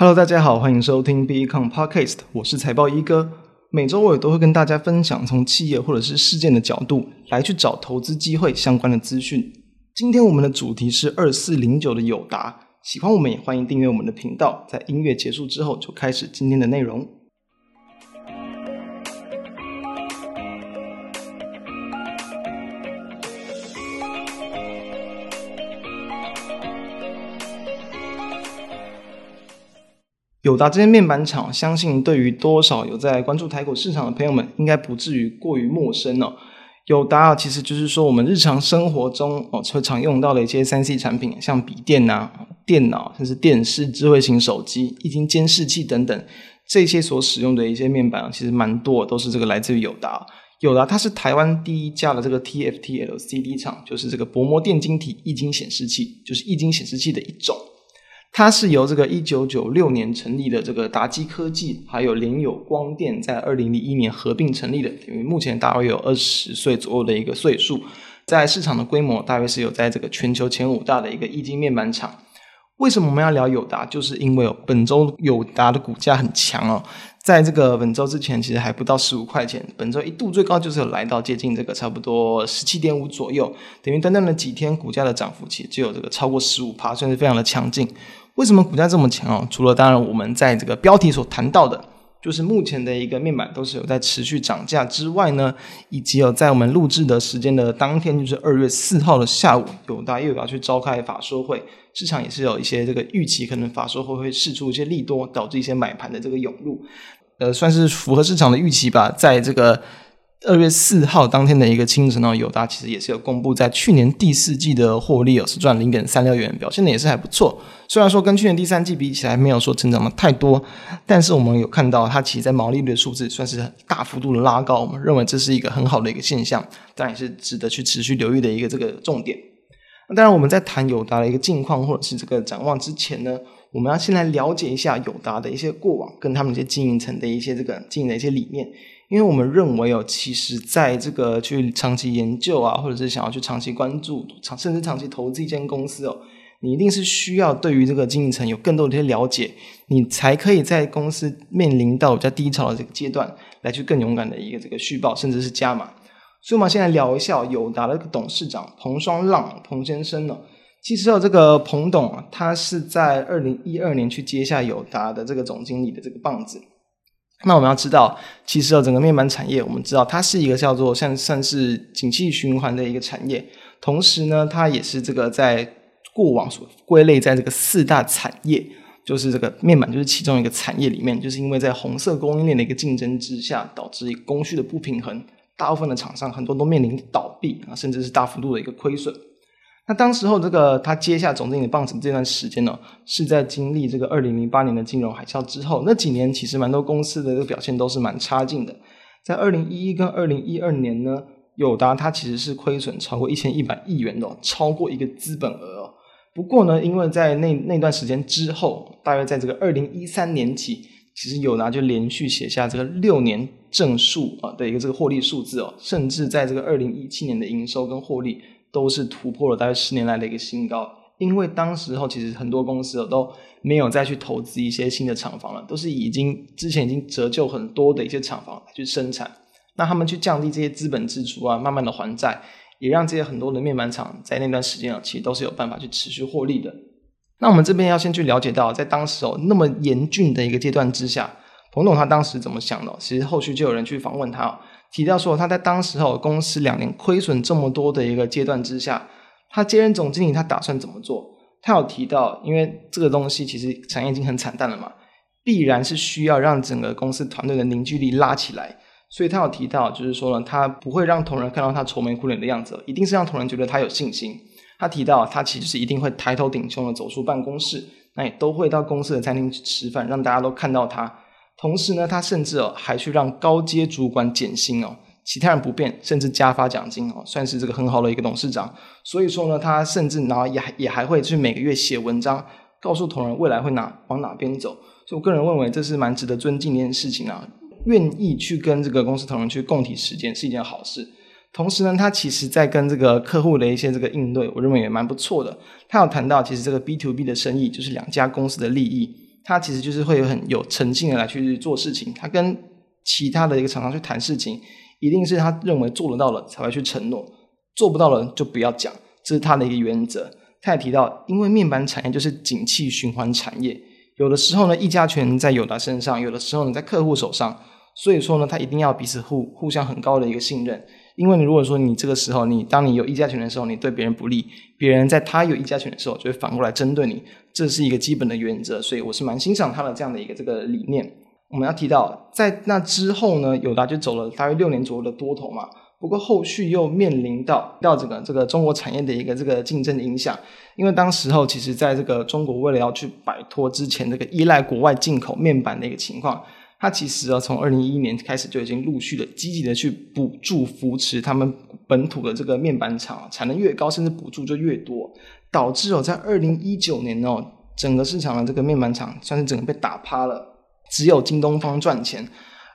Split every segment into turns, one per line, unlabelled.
Hello，大家好，歡迎收聽 Beacon Podcast，我是財報一哥。每周我也都會跟大家分享從企業或者是事件的角度來去找投資機會相關的資訊。今天我們的主題是二四零九的友達。喜歡我們也歡迎訂閱我們的頻道。在音樂結束之後，就開始今天的內容。友達這些面板廠，相信對於多少有在關注台股市場的朋友們，應該不至於過於陌生哦。友達啊，其實就是說我們日常生活中哦，常常用到的一些三 C 產品，像筆電啊、電腦，甚至電視、智慧型手機、液晶監視器等等，這些所使用的一些面板啊，其實蠻多的都是這個來自於友達。友達它是台灣第一家的這個 TFT LCD 廠，就是這個薄膜電晶體液晶顯示器，就是液晶顯示器的一種。它是由這個1996年成立的這個達基科技，還有聯友光電在2001年合併成立的，等於目前大約有二十歲左右的一個歲數，在市場的規模大約是有在這個全球前五大的一個液晶面板廠。為什麼我們要聊友達？就是因為、哦、本周友達的股價很強哦，在這個本周之前其實還不到十五塊錢，本周一度最高就是有來到接近這個差不多十七點五左右，等於短短的幾天股價的漲幅其實就有這個超過十五%，算是非常的強勁。為什麼股價這麼強？除了當然我們在這個標題所談到的，就是目前的一個面板都是有在持續漲價之外呢，以及有在我們錄製的時間的當天，就是二月四號的下午，友達有要去召開法說會，市場也是有一些這個預期，可能法說會會釋出一些利多，導致一些買盤的這個湧入，呃，算是符合市場的預期吧，在這個。二月四號當天的一個清晨呢，友達其實也是有公布，在去年第四季的獲利 EPS 賺零點三六元，表現的也是還不錯。雖然說跟去年第三季比起來沒有說成長的太多，但是我們有看到它其實，在毛利率的數字算是很大幅度的拉高，我們認為這是一個很好的一個現象，當然也是值得去持續留意的一個這個重點。那當然，我們在談友達的一個近況或者是這個展望之前呢，我們要先來了解一下友達的一些過往跟他們一些經營層的一些這個經營的一些理念。因為我們認為哦，其實在這個去長期研究啊，或者是想要去長期關注，長甚至長期投資一間公司哦，你一定是需要對於這個經營層有更多的一些了解，你才可以在公司面臨到比較低潮的這個階段來去更勇敢的一個這個續報甚至是加碼。所以我們現在聊一下友達的董事長彭雙浪彭先生呢、哦，其實哦，這個彭董他是在二零一二年去接下友達的這個總經理的這個棒子。那我們要知道，其實啊，整個面板產業，我們知道它是一個叫做像算是景氣循環的一個產業。同時呢，它也是這個在過往所歸類在這個四大產業，就是這個面板就是其中一個產業裡面，就是因為在紅色供應鏈的一個競爭之下，導致供需的不平衡，大部分的廠商很多都面臨倒閉啊，甚至是大幅度的一個虧損。那當時候，這個他接下總經理棒子這段時間呢，是在經歷這個二零零八年的金融海嘯之後，那幾年其實蠻多公司的這個表現都是蠻差勁的。在二零一一跟二零一二年呢，友達它其實是虧損超過一千一百億元的，超過一個資本額哦。不過呢，因為在那那段時間之後，大約在這個二零一三年起，其實友達就連續寫下這個六年正數啊的一個這個獲利數字哦，甚至在這個二零一七年的營收跟獲利，都是突破了大概十年來的一個新高，因為當時候其實很多公司都沒有再去投資一些新的廠房了，都是已經之前已經折舊很多的一些廠房來去生產，那他們去降低這些資本支出啊，慢慢的還債，也讓這些很多的面板廠在那段時間啊，其實都是有辦法去持續獲利的。那我們這邊要先去了解到，在當時哦那麼嚴峻的一個階段之下，彭董他當時怎麼想的？其實後續就有人去訪問他提到說，他在當時候公司兩年虧損這麼多的一個階段之下，他接任總經理，他打算怎麼做？他有提到，因為這個東西其實產業已經很慘淡了嘛，必然是需要讓整個公司團隊的凝聚力拉起來。所以他有提到，就是說呢，他不會讓同仁看到他愁眉苦臉的樣子，一定是讓同仁覺得他有信心。他提到，他其實是一定會抬頭挺胸的走出辦公室，那也都會到公司的餐廳去吃飯，讓大家都看到他。同時呢，他甚至哦還去讓高階主管減薪哦，其他人不變，甚至加發獎金哦，算是這個很好的一個董事長。所以說呢，他甚至然後也還也還會去每個月寫文章，告訴同仁未來會哪，往哪邊走。所以我個人認為這是蠻值得尊敬的一件事情啊，願意去跟這個公司同仁去共體時艱是一件好事。同時呢，他其實在跟這個客戶的一些這個應對，我認為也蠻不錯的。他有談到其實這個 B to B 的生意就是兩家公司的利益。他其實就是會有很有誠信的來去做事情，他跟其他的一個廠商去談事情，一定是他認為做得到了才會去承諾，做不到了就不要講，這是他的一個原則。他也提到，因為面板產業就是景氣循環產業，有的時候呢溢價權在友達身上，有的時候呢在客戶手上，所以說呢，他一定要彼此互互相很高的一個信任。因為你如果說你這個時候你當你有議價權的時候，你對別人不利，別人在他有議價權的時候就會反過來針對你，這是一個基本的原則，所以我是蠻欣賞他的這樣的一個這個理念。我們要提到，在那之後呢，友達就走了大約六年左右的多頭嘛，不過後續又面臨到到這個這個中國產業的一個這個競爭的影響，因為當時候其實在這個中國為了要去擺脫之前這個依賴國外進口面板的一個情況。它其實啊，從二零一一年開始就已經陸續的積極的去補助扶持他們本土的這個面板廠，產能越高，甚至補助就越多，導致哦，在二零一九年哦，整個市場的這個面板廠算是整個被打趴了，只有京東方賺錢。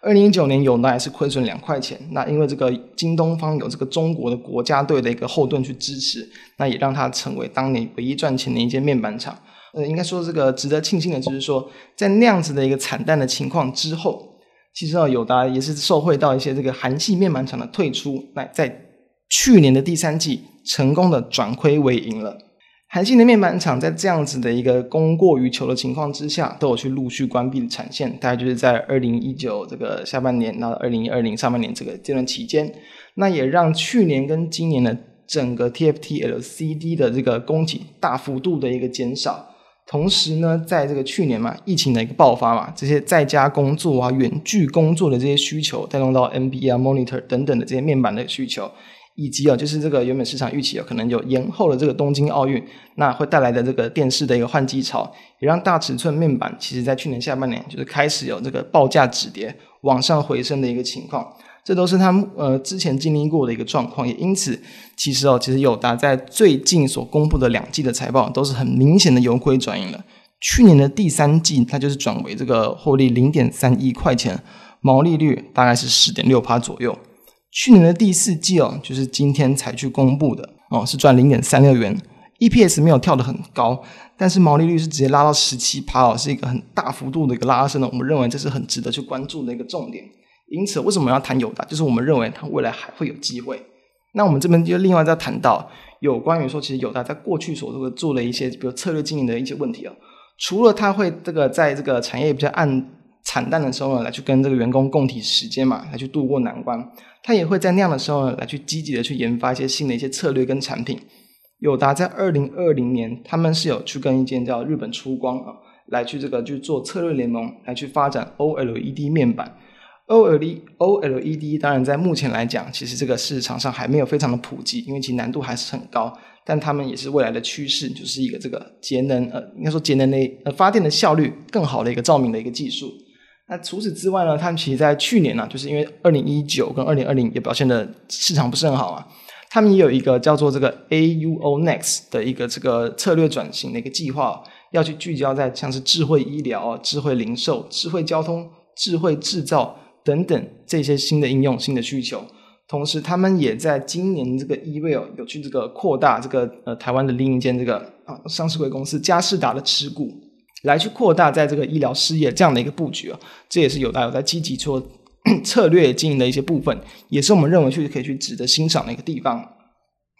二零一九年友達，還是虧損兩塊錢，那因為這個京東方有這個中國的國家隊的一個後盾去支持，那也讓它成為當年唯一賺錢的一間面板廠。呃，應該說這個值得慶幸的，就是說，在那樣子的一個慘淡的情況之後，其實呢、啊，友達也是受惠到一些這個韓系面板廠的退出，那在去年的第三季成功的轉虧為盈了。韓系的面板廠在這樣子的一個供過於求的情況之下，都有去陸續關閉的產線，大概就是在二零一九這個下半年到二零二零上半年這個階段期間，那也讓去年跟今年的整個 TFT-LCD 的這個供給大幅度的一個減少。同時呢，在這個去年嘛，疫情的一個爆發嘛，這些在家工作啊、遠距工作的這些需求，帶動到 NB、monitor 等等的這些面板的需求，以及啊、哦，就是這個原本市場預期有、哦、可能有延後的這個東京奧運，那會帶來的這個電視的一個換機潮，也讓大尺寸面板其實在去年下半年就是開始有這個報價止跌、往上回升的一個情況。這都是他們呃之前經歷過的一個狀況，也因此，其實哦，其實友達在最近所公布的兩季的財報都是很明顯的由虧轉盈了。去年的第三季它就是轉為這個獲利零點三一塊錢，毛利率大概是十點六趴左右。去年的第四季哦，就是今天才去公布的哦，是賺零點三六元，EPS 沒有跳得很高，但是毛利率是直接拉到十七趴哦，是一個很大幅度的一個拉升的，我們認為這是很值得去關注的一個重點。因此，為什麼要談友達？就是我們認為它未來還會有機會。那我們這邊就另外再談到有關於說，其實友達在過去所做的做了一些，比如策略經營的一些問題啊。除了它會這個在這個產業比較暗慘淡的時候呢，來去跟這個員工共體時艱嘛，來去度過難關。它也會在那樣的時候呢，來去積極的去研發一些新的一些策略跟產品。友達在二零二零年，他們是有去跟一間叫日本出光啊，來去這個去做策略聯盟，來去發展 OLED 面板。OLED OLED 當然，在目前來講，其實這個市場上還沒有非常的普及，因為其實難度還是很高。但他們也是未來的趨勢，就是一個這個節能呃，應該說節能的呃發電的效率更好的一個照明的一個技術。那除此之外呢，他們其實在去年呢、啊，就是因為二零一九跟二零二零也表現的市場不是很好啊，他們也有一個叫做這個 AUO Next 的一個這個策略轉型的一個計劃，要去聚焦在像是智慧醫療、智慧零售、智慧交通、智慧製造。等等這些新的應用、新的需求，同時他們也在今年這個一月有去這個擴大這個呃台灣的另一間這個啊上市櫃公司佳世達的持股，來去擴大在這個醫療事業這樣的一個布局啊、哦，這也是有在有在積極做 策略經營的一些部分，也是我們認為去可以去值得欣賞的一個地方。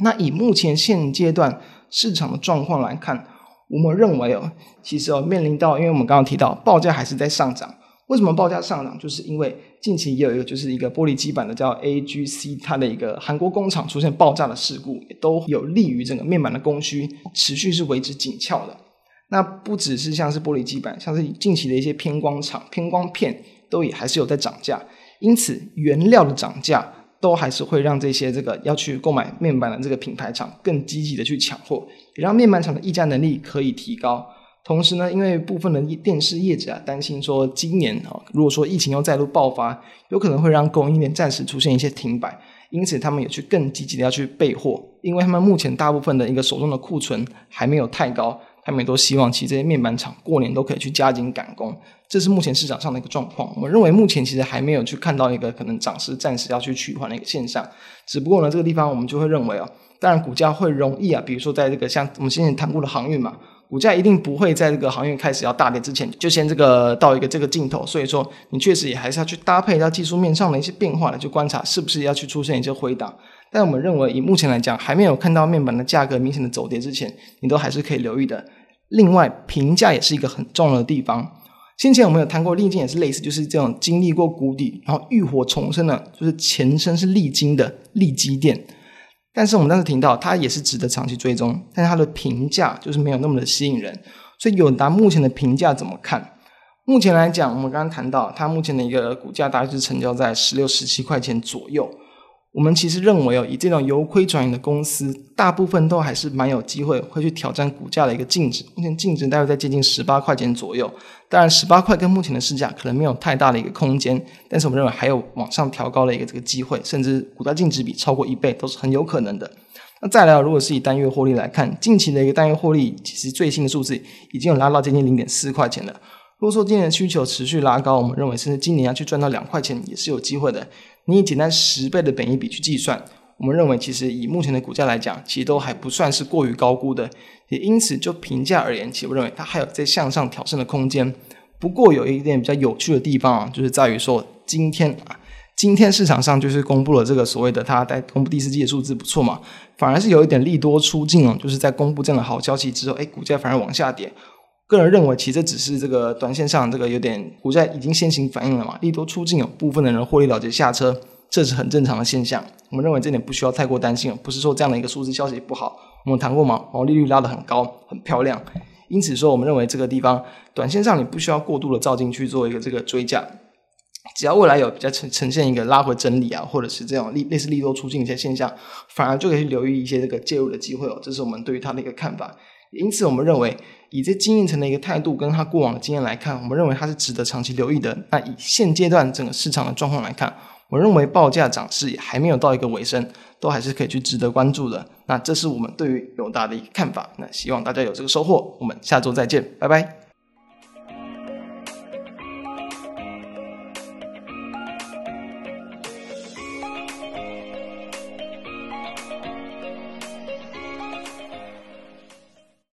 那以目前現階段市場的狀況來看，我們認為哦，其實哦面臨到，因為我們剛剛提到報價還是在上漲。為什麼報價上漲？就是因為近期也有一個，就是一個玻璃基板的叫 AGC，它的一個韓國工廠出現爆炸的事故，也都有利於整個面板的供需持續是維持緊俏的。那不只是像是玻璃基板，像是近期的一些偏光廠、偏光片都也還是有在漲價。因此，原料的漲價都還是會讓這些這個要去購買面板的這個品牌廠更積極的去搶貨，也讓面板廠的議價能力可以提高。同時呢，因為部分的電視業者啊，擔心說今年啊、哦，如果說疫情又再度爆發，有可能會讓供應鏈暫時出現一些停擺，因此他們也去更積極的要去備貨，因為他們目前大部分的一個手中的庫存還沒有太高，他們也都希望其實這些面板廠過年都可以去加緊趕工，這是目前市場上的一個狀況。我們認為目前其實還沒有去看到一個可能漲勢暫時要去趨緩的一個現象，只不過呢，這個地方我們就會認為啊、哦，當然股價會容易啊，比如說在這個像我們先前談過的航運嘛。股價一定不會在這個行業開始要大跌之前就先這個到一個這個盡頭，所以說你確實也還是要去搭配到技術面上的一些變化來去觀察是不是要去出現一些回檔。但我們認為以目前來講，還沒有看到面板的價格明顯的走跌之前，你都還是可以留意的。另外，評價也是一個很重要的地方。先前我們有談過，力晶也是類似，就是這種經歷過谷底，然後浴火重生的，就是前身是力晶的力積電。但是我們當時聽到，它也是值得長期追蹤，但是它的評價就是沒有那麼的吸引人。所以友達目前的評價怎麼看？目前來講，我們剛剛談到，它目前的一個股價大概是成交在十六、十七塊錢左右。我們其實認為哦，以這種由虧轉盈的公司，大部分都還是蠻有機會會去挑戰股價的一個淨值。目前淨值大約在接近十八塊錢左右。當然，十八塊跟目前的市價可能沒有太大的一個空間，但是我們認為還有往上調高的一個這個機會，甚至股價淨值比超過一倍都是很有可能的。那再來，如果是以單月獲利來看，近期的一個單月獲利，其實最新的數字已經有拉到接近零點四塊錢了。如果說今年的需求持續拉高，我們認為甚至今年要去賺到兩塊錢也是有機會的。你以簡單十倍的本益比去計算，我們認為其實以目前的股價來講，其實都還不算是過於高估的。也因此，就評價而言，其實我認為它還有在向上挑戰的空間。不過，有一點比較有趣的地方啊，就是在於說，今天啊，今天市場上就是公布了這個所謂的它在公布第四季的數字不錯嘛，反而是有一點利多出盡哦、啊，就是在公布這樣的好消息之後，誒，股價反而往下跌。個人認為，其實只是這個短線上這個有點股價已經先行反應了嘛，利多出盡，有部分的人獲利了結下車，這是很正常的現象。我們認為這點不需要太過擔心，不是說這樣的一個數字消息不好。我們談過嗎？毛利率拉得很高，很漂亮。因此說，我們認為這個地方短線上你不需要過度的照進去做一個這個追價，只要未來有比較呈呈現一個拉回整理啊，或者是這樣類似利多出盡一些現象，反而就可以去留意一些這個介入的機會哦。這是我們對於它的一個看法。因此，我們認為以這經營層的一個態度跟他過往的經驗來看，我們認為它是值得長期留意的。那以現階段整個市場的狀況來看，我認為報價漲勢也還沒有到一個尾聲，都還是可以去值得關注的。那這是我們對於友達的一個看法。那希望大家有這個收穫，我們下週再見，拜拜。